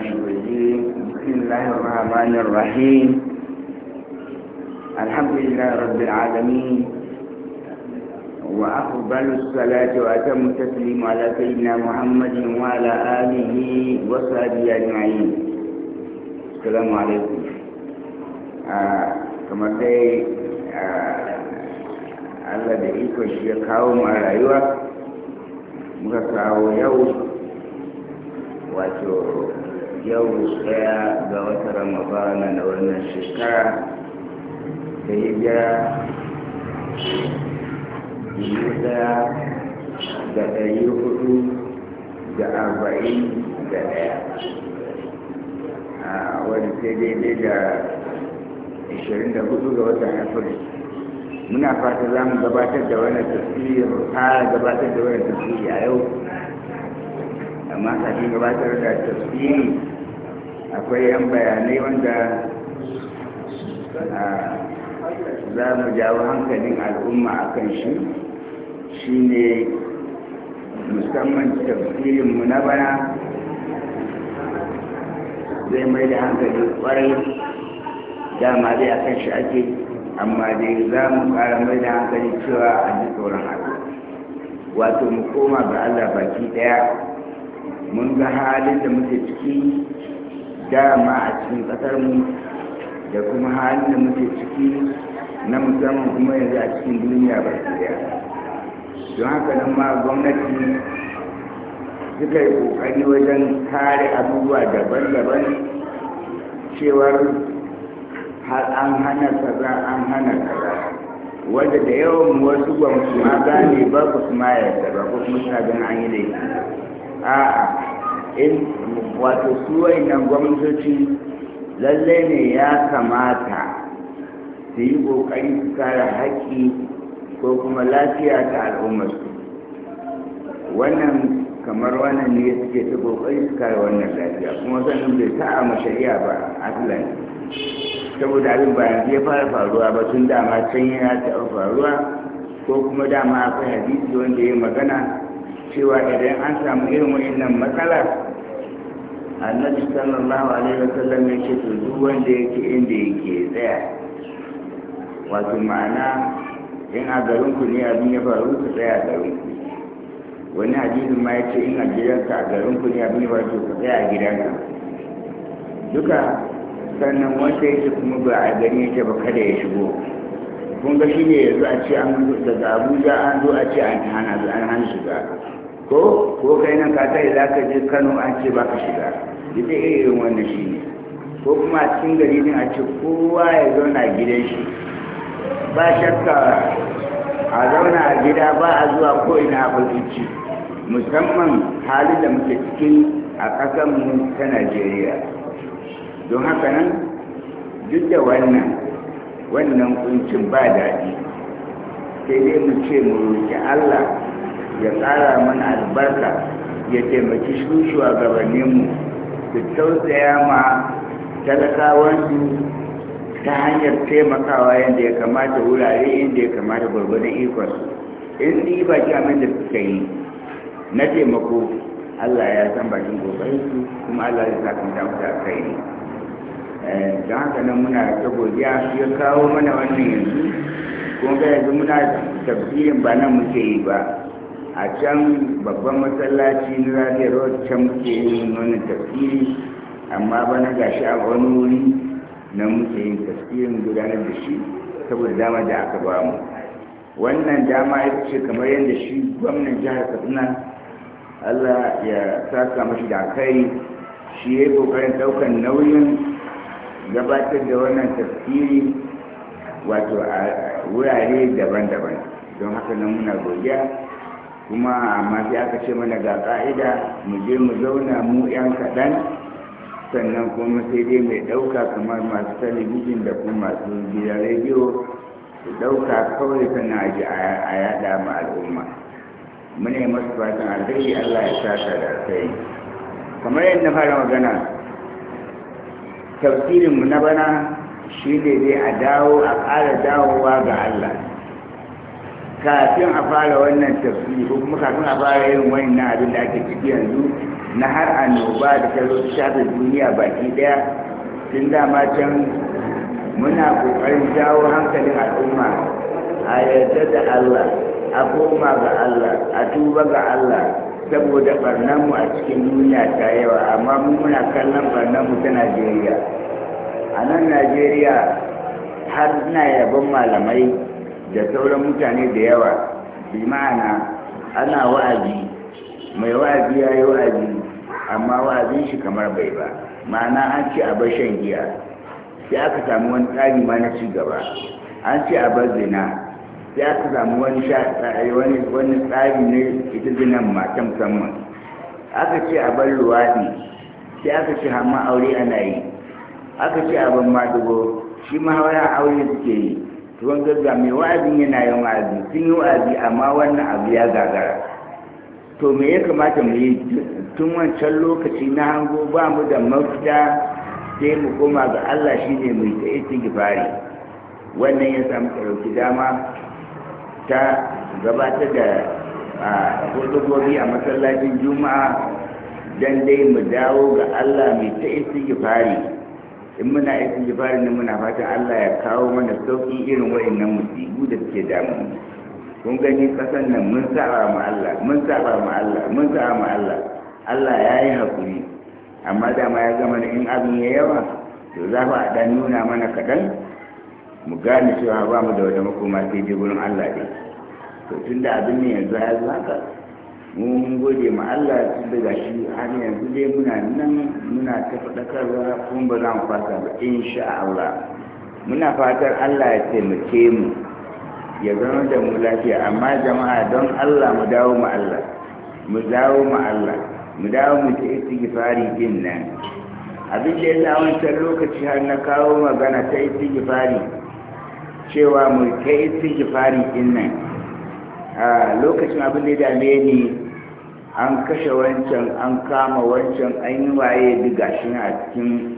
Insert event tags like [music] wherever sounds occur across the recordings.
بسم الله الرحمن الرحيم الحمد لله رب العالمين وأقبل الصلاة وأتم التسليم على سيدنا محمد وعلى آله وصحبه أجمعين السلام عليكم كما دي الله da iko shi ya يوم mu a rayuwa yau daya ga wata ramadana na wannan shekara da yi biyu dubu daya da ɗari hudu da arba'in da daya a wani sai daidai da ashirin da hudu ga watan afirin muna fata za mu gabatar da wani tafiya a gabatar da wani a yau amma kafin gabatar da tasiri akwai yan bayanai wanda za mu jawo hankalin al'umma a kan shi shi ne musamman tafsirinmu na bana zai mai da hankali kwarai dama dai a kan shi ake amma dai za mu ƙara mai da hankali cewa a ji tsoron haka wato mu koma ga Allah baki ɗaya mun ga halin da muke ciki dama a cikin ƙasarmu da kuma halin da muke ciki na musamman kuma yanzu a cikin duniya ba daya don haka nan ma gwamnati suka yi ƙoƙari wajen kare abubuwa daban-daban cewar har an hana kaza an hana kaza wanda da yawan wasu gwamnati ma gane ba ku kuma yadda ba ko kuma suna ganin an yi laifi a'a in wato su nan gwamnatoci lalle ne ya kamata su yi ƙoƙari su kare haƙƙi ko kuma lafiya ta al'ummarsu wannan kamar wannan ne suke ta ƙoƙari su kare wannan lafiya kuma sannan bai ta a shari'a ba aslan saboda abin ba yanzu ya fara faruwa ba tun dama can yana taɓa faruwa ko kuma dama akwai hadisi wanda ya magana cewa idan an samu irin wa'annan matsala annabi sallallahu alaihi sallam ya ce to duk wanda yake inda yake tsaya wato ma'ana in a garinku ne abin ya faru ku tsaya a garinku wani hadisi ma ya ce in a gidanka a garinku ne abin ya faru ku tsaya a gidanka duka sannan wanda yake kuma ba a gani yake ba kada ya shigo kun ga shi ne yanzu a ce an daga abuja an zo a ce an hana an hana shiga ko ko kai nan ka tare za ka je kano an ce ba ka shiga ita irin wannan shi ne ko kuma a cikin gari ne a ce kowa ya zauna gidan shi ba shakka a zauna a gida ba a zuwa ko ina a bazuci musamman halin da muke cikin a ƙasanmu ta najeriya don haka nan duk da wannan wannan kuncin ba daɗi sai dai mu ce mu roƙi allah ya ƙara mana albarka ya taimaki su gabaninmu su tausaya ma talakawansu ta hanyar taimakawa yadda ya kamata wurare inda ya kamata gwargwadon ikon in ji yi baki amin da suka yi na taimako allah ya san bakin su, kuma allah ya sa kan damu da kai ne eh, don haka nan muna ta godiya ya kawo mana wannan yanzu kuma ga yanzu muna tafsirin ba nan muke yi ba a can babban masallaci na zariya road can muke yin wani tafiye amma bana gashi a wani wuri na muke yin tafsirin gudanar da shi saboda dama da aka ba mu wannan dama ya ce kamar yadda shi gwamnan jihar katsina allah ya saka mashi da kai shi ya yi kokarin daukan nauyin gabatar da wannan tafiye wato a wurare daban-daban don haka nan muna godiya kuma amma sai aka ce mana ga ƙa'ida mu je mu zauna mu 'yan kaɗan sannan kuma sai dai mai ɗauka kamar masu talabijin da kuma masu gidan rediyo su ɗauka kawai sana a ji a yaɗa ma al'umma muna yi masu fatan alheri allah ya sata da sai kamar yadda fara magana tafsirinmu na bana shi ne dai a dawo a ƙara dawowa ga allah kafin a fara wannan tafsiri ko kuma kafin a fara yin wannan abin da ake ciki yanzu na har annoba da ta zo shafe duniya baki daya tun dama can muna kokarin jawo hankalin al'umma a yarda da Allah a koma ga Allah a tuba ga Allah saboda barnan a cikin duniya ta yawa amma mu muna kallon barnan ta Najeriya a nan Najeriya har na yabon malamai da sauran mutane da yawa bi ma'ana ana wa'azi mai wa'azi ya yi wa'azi amma wa'azin shi kamar bai ba ma'ana an ce a bar shan giya sai aka samu wani tsari ma na ci gaba an ce a bar zina sai aka samu wani tsari na ita zinan ma ta musamman aka ce a bar luwaɗi sai aka ce hamma aure ana yi aka ce a bar madugo shi ma wani aure suke yi tuwon gaggawa mai wa'azin yana yin wa'azi sun yi wa'azi amma wannan abu ya gagara to me ya kamata mu yi tun wancan lokaci na hango ba mu da mafita sai mu koma ga Allah shi ne mai ta iti gifari wannan ya samu ɗauki dama ta gabatar da hudubobi a masallacin juma'a don dai mu dawo ga Allah mai ta iti gifari in muna aiki istighfarin nan muna fatan Allah ya kawo mana sauki irin wayannan musibu da suke damu kun gani kasan nan mun saba ma Allah mun saba ma Allah mun saba ma Allah Allah ya yi hakuri amma da ma ya zama in abin ya yawa to za fa dan nuna mana kadan mu gane cewa ba mu da wata makoma sai dai gurin Allah ne to tunda abin ne yanzu ya zaka mu mun gode ma Allah tun daga shi har yanzu dai muna nan muna ta faɗakarwa kuma ba za mu fata ba insha Allah muna fatar Allah ya taimake mu ya zama da mu lafiya amma jama'a don Allah mu dawo mu Allah mu dawo mu Allah mu dawo mu ta istighfari din nan abin da ya wancan lokaci har na kawo magana ta istighfari cewa mu ta istighfari din nan a lokacin abin da ya dame ni an kashe wancan an kama wancan an yi waye diga shi a cikin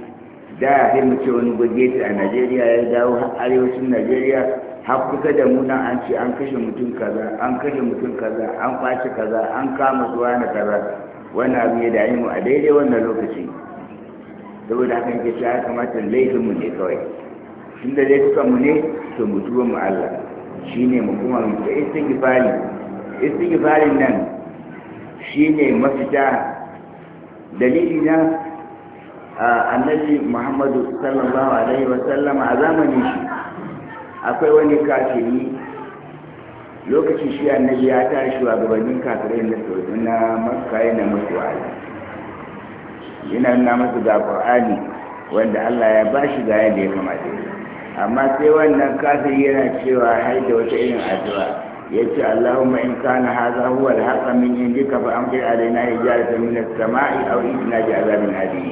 da ya fi mace wani gwaje a najeriya ya dawo arewacin najeriya har kusa da muna an ce an kashe mutum kaza an kashe mutum kaza an kwace kaza an kama zuwa na kaza wani abu ya dami mu a daidai wannan lokaci saboda haka ke cewa ya kamata laifin mu ne kawai tun da laifukan mu ne to mu tuba mu Allah shine mu kuma mu ta istigifari istigifarin nan Shi ne mafita dalili na annabi muhammadu sallallahu alaihi wasallam a zamani shi akwai wani kafiri lokacin shi annabi ya tara shugabannin kafirai na sauri na makka na masu wa'azi yana nuna masu ga kur'ani wanda allah ya ba shi ga yadda ya kamata amma sai wannan kafiri yana cewa har da wata irin addu'a yace Allahumma in kana hadha huwa al-haqq min indika fa amtir alaina hijaratan min as-sama'i aw ijna bi azabin alim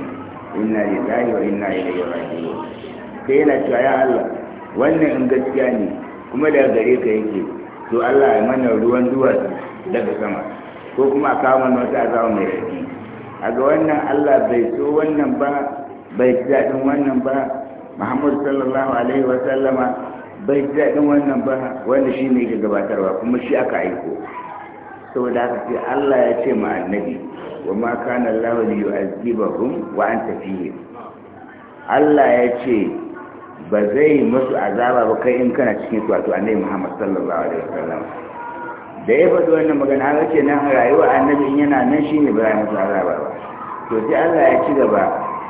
inna lillahi wa inna ilaihi raji'un sai yana cewa ya Allah wannan in gaskiya ne kuma daga gare ka yake to Allah ya mana ruwan duwatsu daga sama ko kuma a kawo mana wata azaba mai rafi a ga wannan Allah bai so wannan ba bai ji daɗin wannan ba Muhammadu sallallahu alaihi wa sallama bai daɗin wannan ba wanda shi ne ke gabatarwa kuma shi aka aiko saboda haka sai Allah ya ce ma annabi wa ma kana Allah li yu'azzibahum wa anta ne. Allah ya ce ba zai musu azaba ba kai in kana cikin su wato annabi Muhammad sallallahu alaihi wasallam da ya faɗi wannan magana har ce nan rayuwa annabi yana nan ne ba ya musu azaba ba to sai Allah ya ci gaba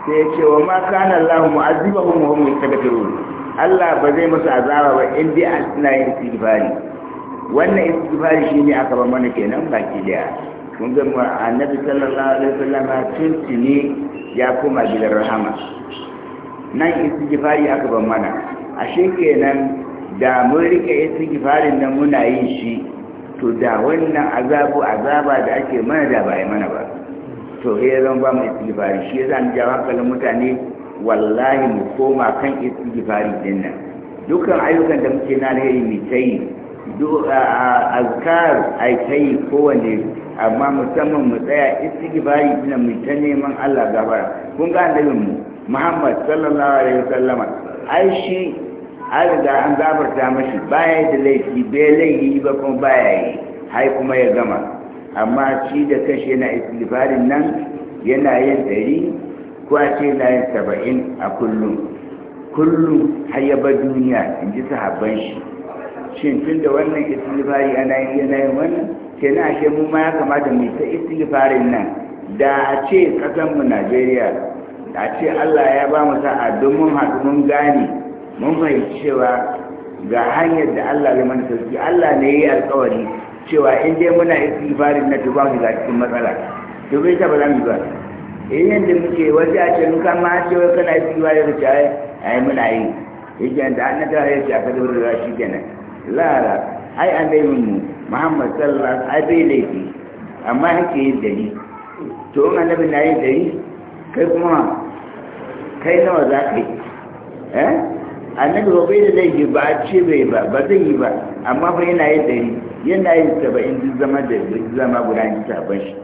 sai ya ce wa ma kana Allah mu'azzibahum wa hum yastaghfirun Allah ba zai musu azaba ba in dai an suna yin istighfari wannan istighfari ne aka ba mana kenan baki daya kun ga annabi sallallahu alaihi wasallam tuntuni ya koma gidan rahama nan istighfari aka ba mana a shi kenan da mun rike istighfarin nan muna yin shi to da wannan azabu azaba da ake mana da ba yi mana ba to sai zan ba mu istighfari shi zan jawaka jawo hankalin mutane wallahi mu koma kan istighfari din nan dukkan ayyukan da muke na alheri mu tayi azkar ai tayi kowane amma musamman mu tsaya istighfari din mu ta neman Allah gabara kun ga mu Muhammad sallallahu alaihi wasallama ai shi an riga an gabarta mashi baya da laifi bai laifi ba kuma baya yi hai kuma ya gama amma shi da kashe na istighfarin nan yana yin dari ko ce layin saba'in a kullum kullum har ya bar duniya in ji sahabban shi shin tun da wannan istilifari ana yin yana yin wannan ke na ashe mu ma ya kamata mu ta istilifarin nan da a ce ƙasar mu Najeriya a ce Allah ya ba mu sa'a don mun haɗu mun gane mun fahimci cewa ga hanyar da Allah ya mana sauki Allah ne ya yi alkawari cewa in dai muna istilifarin na tuba mu ga cikin matsala to bai ta ba za mu ba Eh, yayin da muke wasu a ce muka ma ce wai kana yi wa ya wuce ai muna yi yake da an ta ya ce aka dora da shi kenan la la ai dai mu Muhammad sallallahu alaihi wasallam ai dai laifi amma yake yin dari to in annabi na yin dari kai kuma kai nawa za ka yi eh annabi ba bai da laifi ba a ce bai ba ba zai yi ba amma fa yana yin dari yana yin saba'in duk zama da duk zama guda ni sabon shi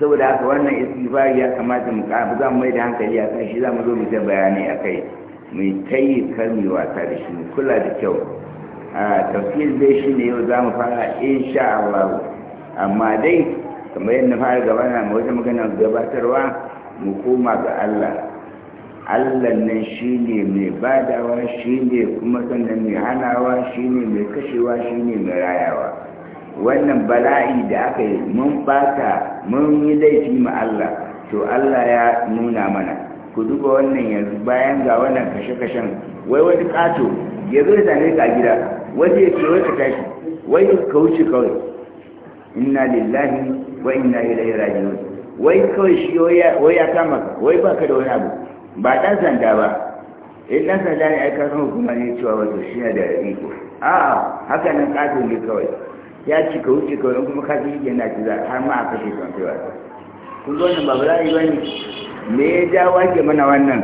saboda haka wannan istighfari ya kamata mu ka za mu mai da hankali a kan shi za mu zo mu ta bayani a kai mu tayi kalmi wasa da shi kula da kyau a tafsir dai shi ne yau za mu fara insha Allah amma dai kamar yadda fara gaba na wajen magana gabatarwa mu koma ga Allah Allah nan shi ne mai badawa shi ne kuma sannan mai hanawa shi ne mai kashewa shi ne mai rayawa wannan bala'i da aka yi mun bata mun yi laifi ma Allah to Allah ya nuna mana ku duba wannan yanzu bayan ga wannan kashe-kashen wai wani kato ya zo da ne ga gida Wani ya ce wata tashi wai ka wuce kawai inna lillahi wa inna ilaihi raji'un wai kawai shi wai ya kama wai baka da wani abu ba dan sanda ba in dan sanda ne ai ka san hukuma ne cewa wato shi da iko a'a haka nan kato ne kawai ya ci ka wuce kawai kuma ka ji yake na ci za har ma a kashe kan kun zo nan babu ba ba ne me ya ja wake mana wannan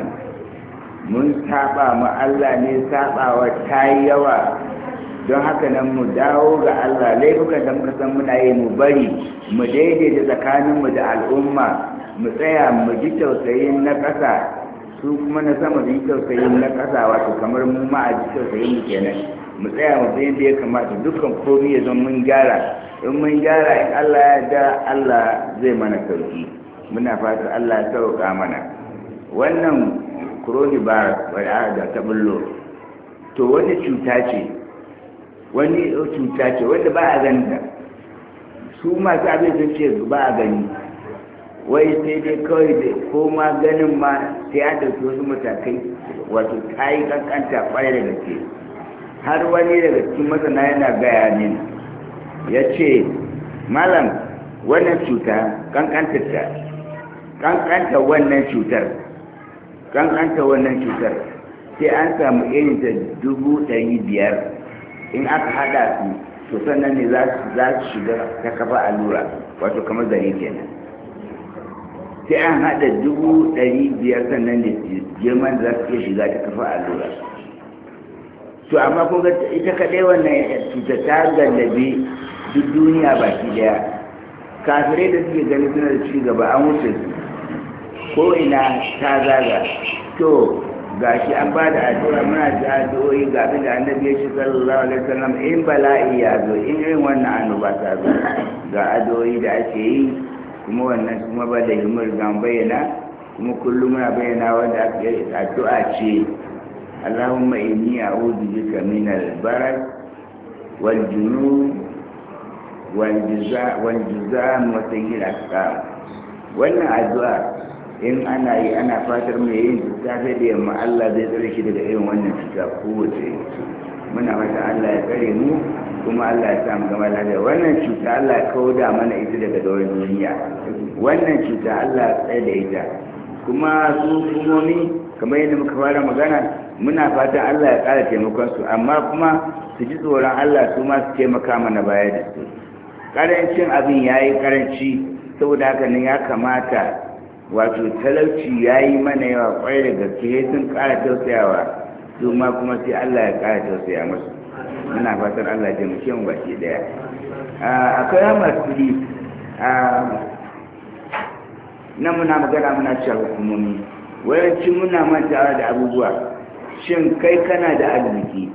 mun saba ma Allah ne sabawa ta yi yawa don haka nan mu dawo ga Allah laifukan da muka san muna yi mu bari mu daidaita tsakaninmu da al'umma mu tsaya mu ji tausayin na ƙasa su kuma na sama su yi tausayin na ƙasa wato kamar mu ma a ji tausayin mu kenan mu tsaya mu tsayin da ya kamata dukkan komi ya zama mun gyara in mun gyara in Allah ya da Allah zai mana sauki muna fatar Allah ya sauka mana wannan ba wadda da ta bullo to wani cuta ce wani cuta ce wanda ba a da su masu abin sun ce ba a gani wai sai dai kawai da ko ma ganin ma sai da su wasu matakai wato ta yi kankanta kwarai da gaske har wani daga cikin masana yana gaya min ya ce malam wannan cuta kankantarta kankanta wannan cutar kankanta wannan cutar sai an samu irin ta dubu ɗari biyar in aka haɗa su to sannan ne za su shiga ta kafa allura wato kamar zari kenan sai an haɗa dubu ɗari biyar sannan ne girman za su iya shiga ta kafa allura to amma kun ita kaɗai wannan cuta ta gallabe duk duniya baki daya kafirai da suke gani suna da ci gaba an wuce ko ina ta zaga to ga shi an bada da addu'a muna ji addu'o'i ga abin da annabi ya ce sallallahu alaihi wasallam in bala'i ya zo in irin wannan annoba ta zo ga addu'o'i da ake yi kuma wannan kuma ba da himmar gan bayyana kuma kullum muna bayyana wanda addu'a ce اللهم إني أعوذ بك من البرد والجنوب والجزام وسيء الأسقام wannan addu'a in ana fatar mai yin tafe da yamma Allah zai tsare shi daga irin wannan cuta kowace muna mata Allah ya tsare mu kuma Allah ya sa mu gama lafiya wannan cuta Allah ya kauda mana ita daga daular duniya wannan cuta Allah ya tsaye da ita kuma kamar yadda muka fara magana muna fatan Allah ya ƙara taimakon su amma kuma su ji tsoron Allah su ma su taimaka mana baya da su ƙarancin abin ya yi ƙaranci saboda haka ne ya kamata wato talauci ya yi mana yawa ƙwarai da gaske sun ƙara tausayawa su ma kuma sai Allah ya ƙara tausaya musu muna fatan Allah ya taimake mu baki daya akwai hamar kuɗi nan muna magana muna cewa hukumomi wayancin muna mantawa da abubuwa shin kai kana da arziki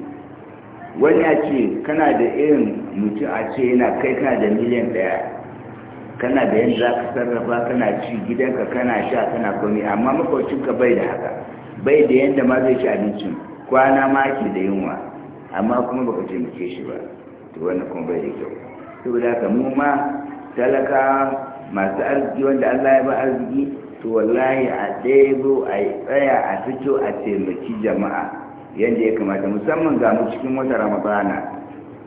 wani a ce kana da irin mutum a ce yana kai kana da miliyan daya kana da yadda za ka sarrafa kana ci gidanka kana sha kana komi amma makwacinka bai da haka bai da yadda ma zai ci abincin kwana ma ke da yunwa amma kuma baka taimake shi ba to wani kuma bai da kyau saboda haka mu ma talaka masu arziki wanda Allah ya ba arziki to wallahi a ɗebo a tsaya a fito a taimaki jama'a yadda ya kamata musamman ga mu cikin wata ramadana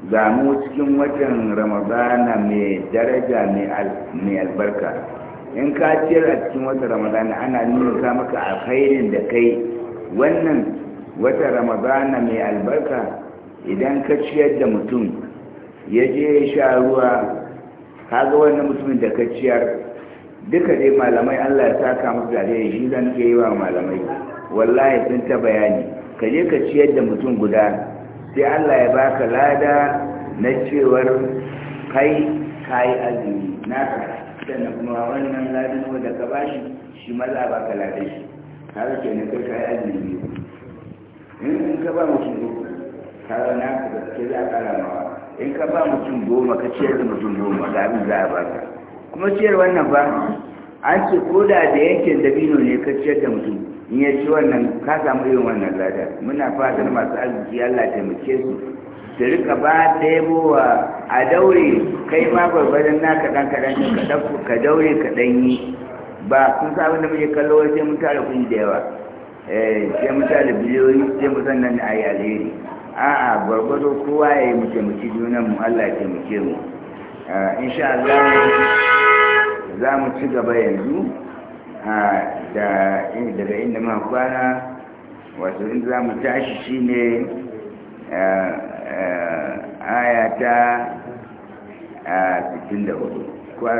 ga mu cikin watan ramadana mai daraja mai albarka in ka ciyar a cikin wata ramadana ana nuna ka maka alkhairin da kai wannan wata ramadana mai albarka idan ka ciyar da mutum ya je ya sha ruwa kaga wannan mutumin da ka ciyar duka dai malamai Allah ya saka musu da dai shi zan ke yi wa malamai wallahi sun ta bayani ka je ka ciyar da mutum guda sai Allah ya baka lada na cewar kai kai azumi naka sannan kuma wannan ladan wanda ka bashi shi maza baka ladan shi har ke ne kai kai azumi in ka ba mutum uku kaga na ka ke za a kara mawa in ka ba mutum goma ka ciyar da mutum goma ga abin za a baka kuma ciyar wannan ba an ce ko da da yankin dabino ne ka ciyar da mutum in ya ci wannan ka samu irin wannan lada muna fatan masu arziki Allah taimake su su rika ba ɗaya a daure kai ma gwargwadon na kaɗan kaɗan ka ka daure ka ɗan yi ba kun sa abin da muke kallo wai sai mun tara kun da yawa eh, sai mun tara biliyoyi sai mu sannan a yi alheri a'a gwargwado kowa ya yi mu taimaki junan mu Allah ya taimake mu ah, insha Allah za mu ci gaba yanzu daga inda ma kwana wasu inda za mu tashi shi ne aya ta 64 ko ko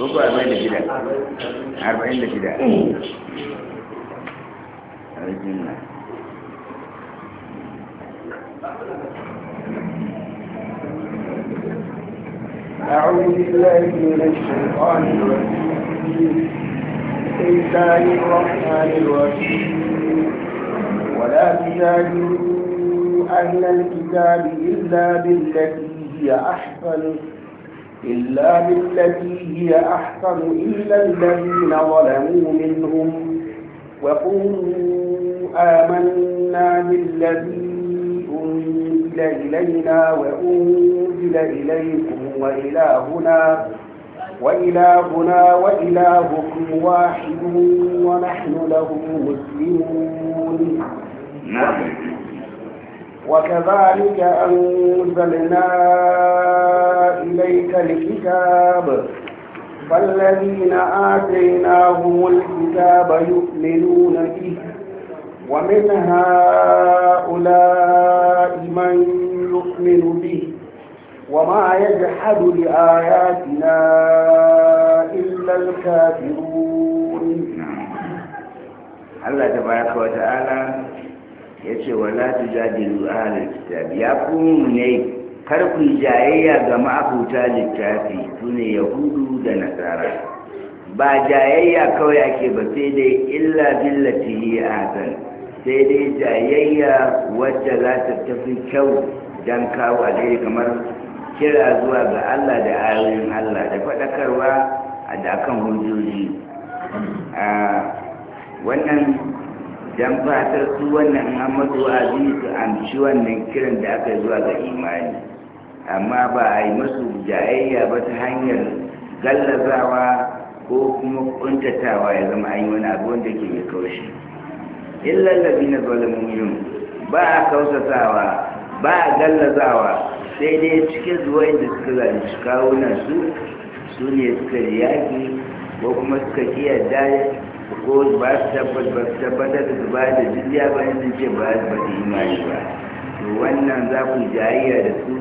46 46 Thank you. أعوذ بالله من الشيطان الرجيم بسم الرحمن الرحيم ولا تجادلوا أهل الكتاب إلا بالتي هي أحسن إلا بالتي هي أحسن إلا الذين ظلموا منهم وقولوا آمنا بالذي أنزل إلينا وأنزل إليكم وإلهنا وإلهنا وإلهكم واحد ونحن له مسلمون وكذلك أنزلنا إليك الكتاب فالذين آتيناهم الكتاب يؤمنون به ومن هؤلاء من يؤمن به وما يجحد لآياتنا إلا الكافرون الله تبارك وتعالى yace wala tujadilu ahlul kitab ya kuma ne kar ku jayayya ga ma'abuta littafi sune yahudu da nasara ba jayayya kawai ake ba sai dai illa billati hi azan sai dai jayayya wacce za ta tafi kyau don kawo a daidai kamar kira zuwa ga Allah da ayoyin Allah da faɗakarwa a da hujjoji a wannan don fatar su wannan hamadu a su amshi wannan kiran da aka zuwa ga imani amma ba a yi masu jayayya ba ta hanyar gallazawa ko kuma kuntatawa ya zama an yi wani abu wanda ke mai kaushi illal na zalamu minhum ba kausatawa ba gallazawa sai dai cikin zuwa da suka zalunci kawunan su su ne suka yaki ko kuma suka kiyarda ko ba su tabbatar da su ba da jizya ba yanzu ce ba su ba su imani ba to wannan za ku jayayya da su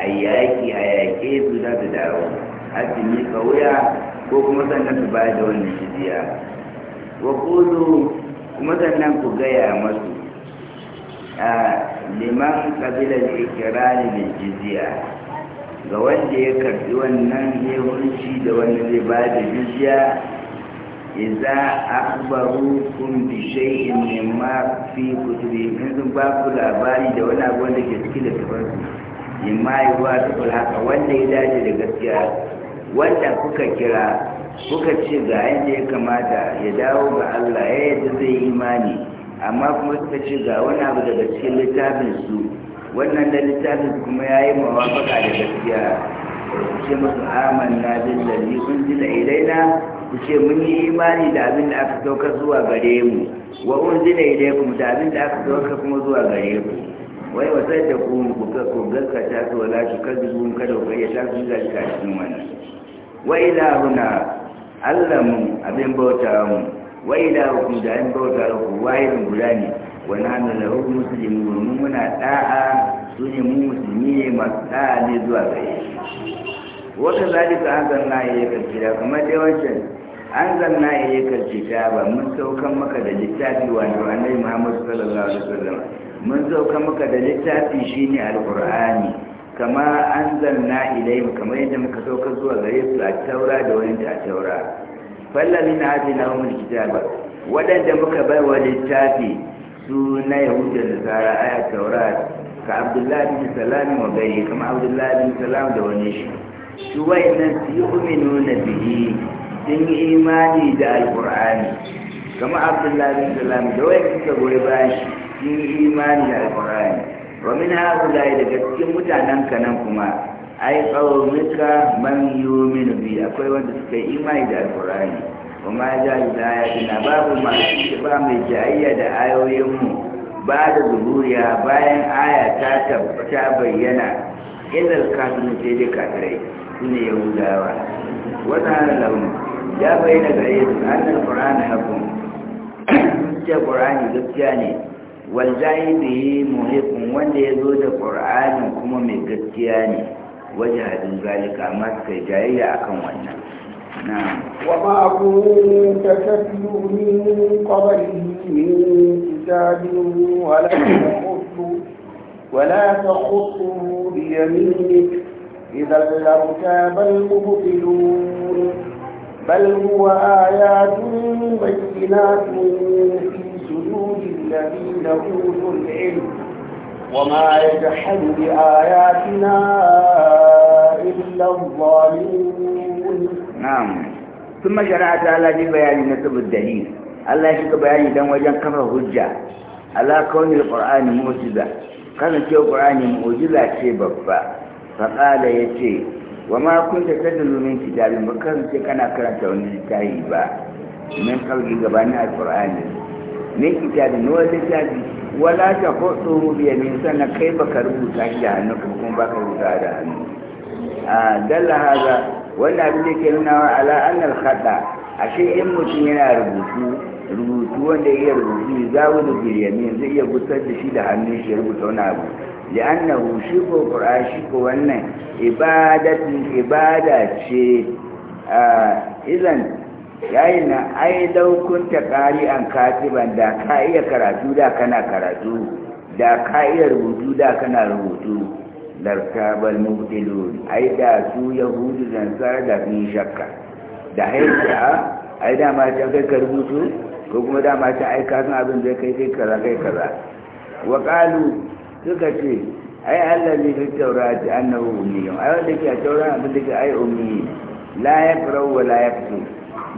a yaƙi a yaƙe su za su dawo har su miƙa wuya ko kuma sannan su ba da wannan jizya wa kudu kuma sannan ku gaya masu a liman kabilar ikirari da jiziya ga wanda ya karbi wannan zai da wanda zai ba da jiziya iza akbaru kun bi shay'in mimma fi kutubi in sun ba ku labari da wani abu wanda ke cikin littafansu mimma yuwa ta haka wanda ya dace da gaskiya wanda kuka kira suka ce ga yadda ya kamata ya dawo ga Allah ya yadda zai yi imani amma kuma suka ce ga wani abu daga cikin littafin su wannan da littafin kuma ya yi mawafaka da gaskiya ku ce musu amanna billahi unzila ilaina ku ce mun yi imani da abin da aka saukar zuwa gare mu wa unzila ilaikum da abin da aka saukar kuma zuwa gare ku wai wa sai da ku ku ta su wala ku kaddu kada ku ta su da cikin wannan wa ila huna Allah mu abin bauta mu wa ku da abin bauta ku wahidun guda ne wa nahnu Musulmi. muslimun mu muna da'a su ne mu musulmi ne masu da'a ne zuwa gare shi wa kadhalika anzalna ilayka kitaba kamar dai wancan anzalna ilayka ba mun saukan maka da littafi wa annabi Muhammad sallallahu alaihi wasallam mun saukan maka da littafi shine alqur'ani kama an zanna ilayin kamar yadda muka saukar zuwa gare su a taura da wani da a taura fallami na haɗe na umar kitaba waɗanda muka bai wa littafi su na yahuda da tsara aya taura ka abdullahi bin salam wa gari kama abdullahi bin salam da wani shi su wa'annan su yi uminu na bihi sun yi imani da alƙur'ani kama abdullahi bin salam da wa'anda suka goyi bashi sun yi imani da alƙur'ani wa min haula daga cikin mutanen ka nan kuma ai qaumika man yu'minu bi akwai wanda suka yi imani da alqur'ani ya ma ja'ala Ina babu ma ba mai jayayya da ayoyin mu ba da zuburiya bayan aya ta tabbata bayyana idan kafirin sai dai ne ya yahudawa wannan hana launin ya bayyana gare su annal qur'ani hakum [coughs] ce qur'ani gaskiya ne waljayi bihi muhibin wanda ya zo da ƙur'ani kuma mai gaskiya ne waje hadin zalika amma suka yi jayayya akan wannan وما كنت تتلو من قبله من كتاب ولا تخطه ولا تخطه بيمينك إذا لارتاب المبطلون بل هو آيات بينات في الذين أوتوا العلم وما يجحد بآياتنا إلا الظالمون نعم ثم شرع تعالى في بيان نسب الدليل الله يشك بيان دم وجن كفر هجة على كون القرآن موجزة كان شيء القرآن موجزة شيء بفا فقال يتي وما كنت تدل من كتاب مكان كان كرة ونزل با من قبل قبانا القرآن min kitabin wani littafi wala ta hudu biya min sannan kai ba ka rubuta shi da hannu kuma ba ka rubuta da hannu a dalla haza wanda abin da ke nuna wa ala annal khata ashe in mutum yana rubutu rubutu wanda ya rubutu za wani biryamin zai iya gusar da shi da hannun shi ya rubuta wani abu li'annahu shi ko qur'an shi ko wannan ibadatin ibada ce idan yayin na ai daukunta ƙari an katiban da ka iya karatu da kana karatu da ka iya rubutu da kana rubutu lartabal mubtilun ai da su yahudu zansar da sun shakka da haifiya ai da ma ta kai ka rubutu ko kuma da ma ta aika sun abin zai kai kai kaza kai kaza wa qalu suka ce ai Allah ne fi taurati annahu ummiyyun ai wanda ke a abin da ke ai ummi la yaqra wa la yaktub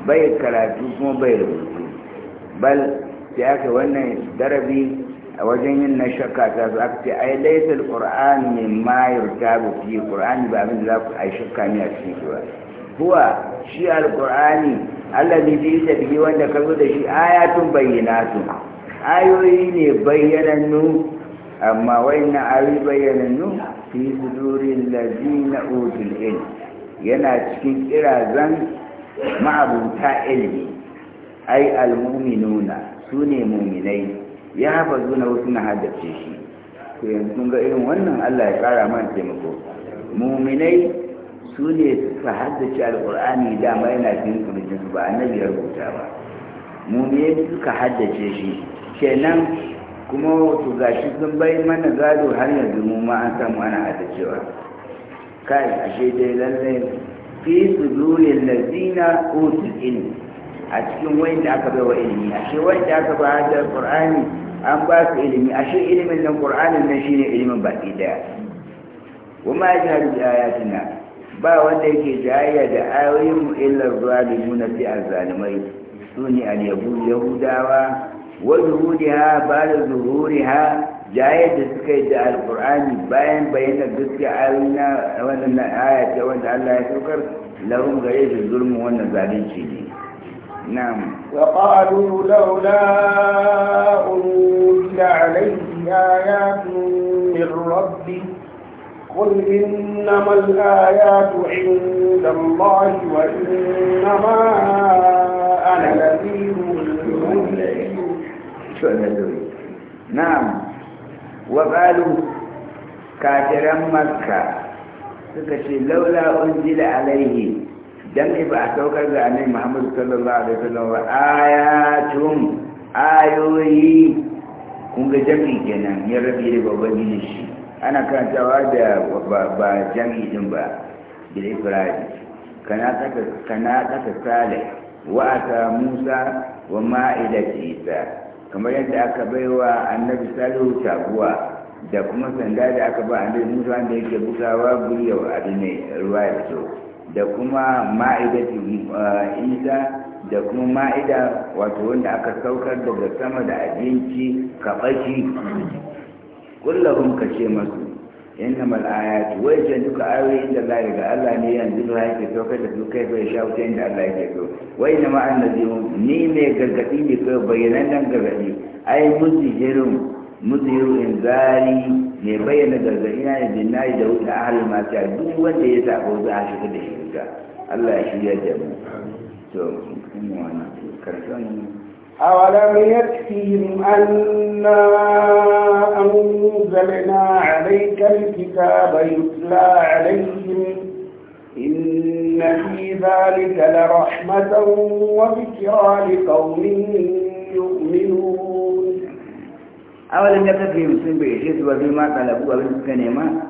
bai karatu kuma bai rubutu bal sai aka wannan darabi a wajen yin na shakka ta su aka ce ai laisar ne mayar ta bufi ƙur'ani ba abin da za ku ai shakka ne a cikin shi ba kuwa shi alƙur'ani allah ne bi da biyu wanda ka zo da shi ayatun bayyanatu ayoyi ne bayyanannu amma wayannan ayoyi bayyanannu fi sudurin lazina utul ilm yana cikin kirazan ma'abuta ilimi. ai almuminuna su ne muminai ya hafa zuna wasu na haddace shi to yanzu ga irin wannan Allah ya kara man taimako muminai su ne suka haddace alkur'ani dama yana cikin ba annabi ya rubuta ba muminai suka haddace shi kenan kuma wato gashi sun bai mana gado har yanzu mu ma an samu ana haddacewa kai ashe dai lallai fi sudurin lazina utul ilmi a cikin wanda aka bai wa ilimi ashe wanda aka ba da qur'ani an ba su ilimi ashe ilimin nan qur'anin nan shine ilimin baki daya kuma ya jihar da ayatina ba wanda yake jayayya da ayoyin mu illa zalimuna fi azzalimai sune al yahudawa wa zuhuriha ba da zuhuriha jaye da suka yi da alkur'ani bayan bayyana duk ayoyi na wannan aya ta wanda Allah ya saukar lahum gare su zulmin wannan zalunci ne na'am wa qalu laula unzila alayhi ayatun min rabbi قل إنما الآيات عند الله وإنما أنا نذير نعم وقالوا كافرا مكة سكشي لولا أنزل عليه da بأسوك عن محمد صلى الله عليه وسلم آياتهم آيوه kunga jam'i kenan ya rabi da babban gini shi ana karantawa da ba jam'i din ba da ifirari kana tsaka sale wa musa wa kamar yadda aka baiwa annabi salihu taguwa da kuma sanda da aka ba annabi musa wanda yake bugawa guriya wa abin ruwa ya so da kuma ma'ida uh, isa da kuma ma'ida wato wanda aka saukar daga sama da abinci kaɓashi kullum kashe masu innama al-ayat wai can duka ayoyin da Allah daga Allah ne yanzu da yake so kai da duka bai sha wuce inda Allah yake so wai na ma annabiyun ni ne gargadi ne kai bayanan nan gargadi ai muzihirun muzihiru inzari ne bayyana gargadi na da nayi da wuta ahli mata duk wanda ya sako za a shiga da shiga Allah ya shirya da mu to kuma wannan karshen أولم يكفهم أنا أنزلنا عليك الكتاب يتلى عليهم إن في ذلك لرحمة وذكرى لقوم يؤمنون أولا يكفي مسلم بإشيس وبما طلبوا كنما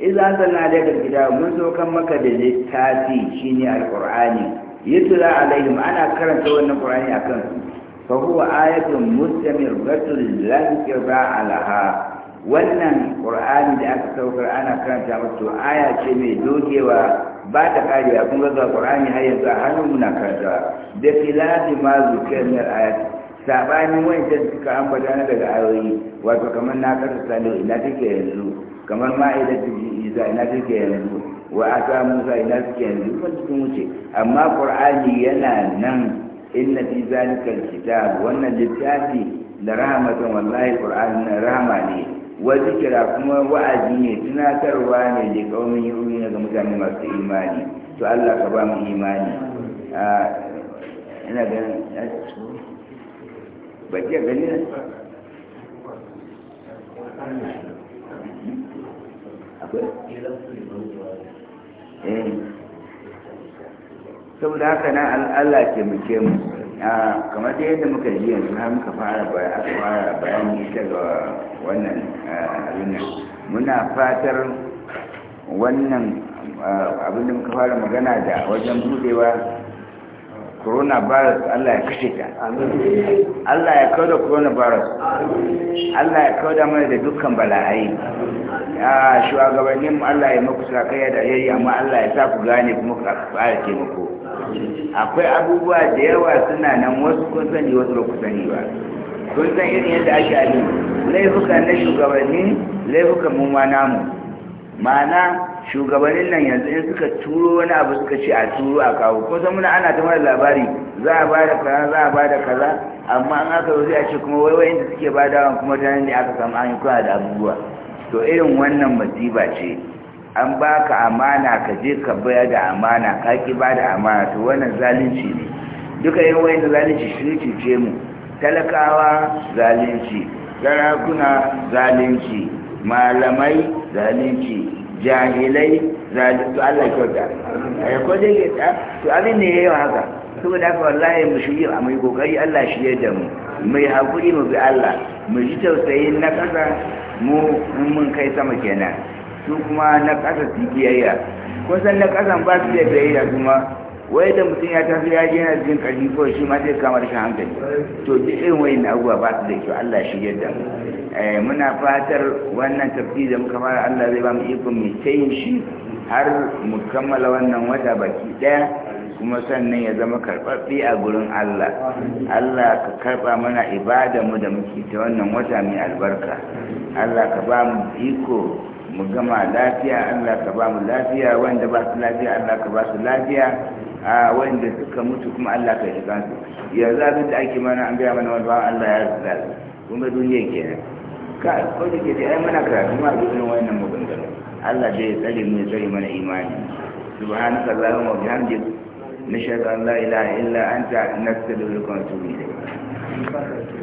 إذا أنزلنا عليك الكتاب منذ كم مكد للتاتي شيني القرآن يتلى عليهم أنا أكرم سوى أن القرآن أكرمت فهو آية مستمرة لا ذكر لها wannan ƙur'ani da aka saukar ana karanta musu aya ce mai dogewa ba ta kariya kun ga ga ƙur'ani har yanzu a hannun muna karanta da filafi ma zukiyar mai ayat sabani wancan suka ambata na daga ayoyi wato kamar na karanta salo ina take yanzu kamar ma'aida ta ji isa ina take yanzu wa aka musa ina take yanzu wanda cikin wuce amma ƙur'ani yana nan inna fi zalikal kitab wannan littafi da rahmatan wallahi qur'ani rahma ne wasu kira kuma wa'azi ne tunatarwa ne da kaumin yuri ga mutane masu imani to Allah ka ba mu imani ina ganin ya ci ba ce gani na saboda haka na Allah ke mu kamar da yadda muka ji yanzu har muka fara fara bayani daga wannan abin muna fatar wannan abin da muka fara magana da wajen budewa coronavirus Allah ya kashe ta Allah ya kawo da coronavirus Allah ya kawo da mana da dukkan bala'ai ya shugabannin Allah ya maku sakaya da yayi amma Allah ya sa ku gane kuma ku fara taimako akwai abubuwa da yawa suna nan wasu kun sani wasu ba ku sani ba kun san irin yadda ake ali laifuka na shugabanni laifuka mun ma namu ma'ana shugabannin nan yanzu in suka turo wani abu suka ce a turo a kawo kun san muna ana ta mara labari za a bada kaza za a bada kaza amma an aka zo sai a ce kuma wai wai da suke badawa kuma ta nan ne aka samu an yi kuna da abubuwa to irin wannan masifa ce an baka amana ka je ka bayar da amana ka ki ba da amana to wannan zalunci ne duka yin wani zalunci shi ne cuce mu talakawa zalunci sarakuna zalunci malamai zalunci jahilai zalunci Allah kyauta a ko dai ya ta to abin ne yayin haka saboda haka wallahi mu shi a mai kokari Allah shi ya da mu mai hakuri mu bi Allah mu ji tausayin na ƙasa mu mun kai sama kenan su kuma na ƙasa su biyayya kusan na ƙasan ba su da biyayya kuma wai da mutum ya tafi ya je yana cikin ƙarfi ko shi ma zai kama shi hankali to duk irin na abubuwa ba su da kyau Allah shi yadda eh, muna fatar wannan tafsir da muka fara Allah zai ba mu iko mu tayin shi har mu kammala wannan wata baki ɗaya kuma sannan ya zama karɓaɓɓe a gurin Allah Allah ka karɓa mana ibada mu da muke ta wannan wata mai albarka Allah ka ba mu iko mu gama lafiya Allah ka ba mu lafiya wanda ba su lafiya Allah ka ba su lafiya a wanda suka mutu kuma Allah ka shiga su yanzu abin da ake mana an gaya mana wani ba Allah ya rasa kuma duniya kenan ka ko da ke da ai mana karatu ma dukkan wannan maganganu Allah zai ya tsare mu ya tsare mana imani subhanaka allahumma wa bihamdika nashhadu an la ilaha illa anta nastaghfiruka wa natubu ilayk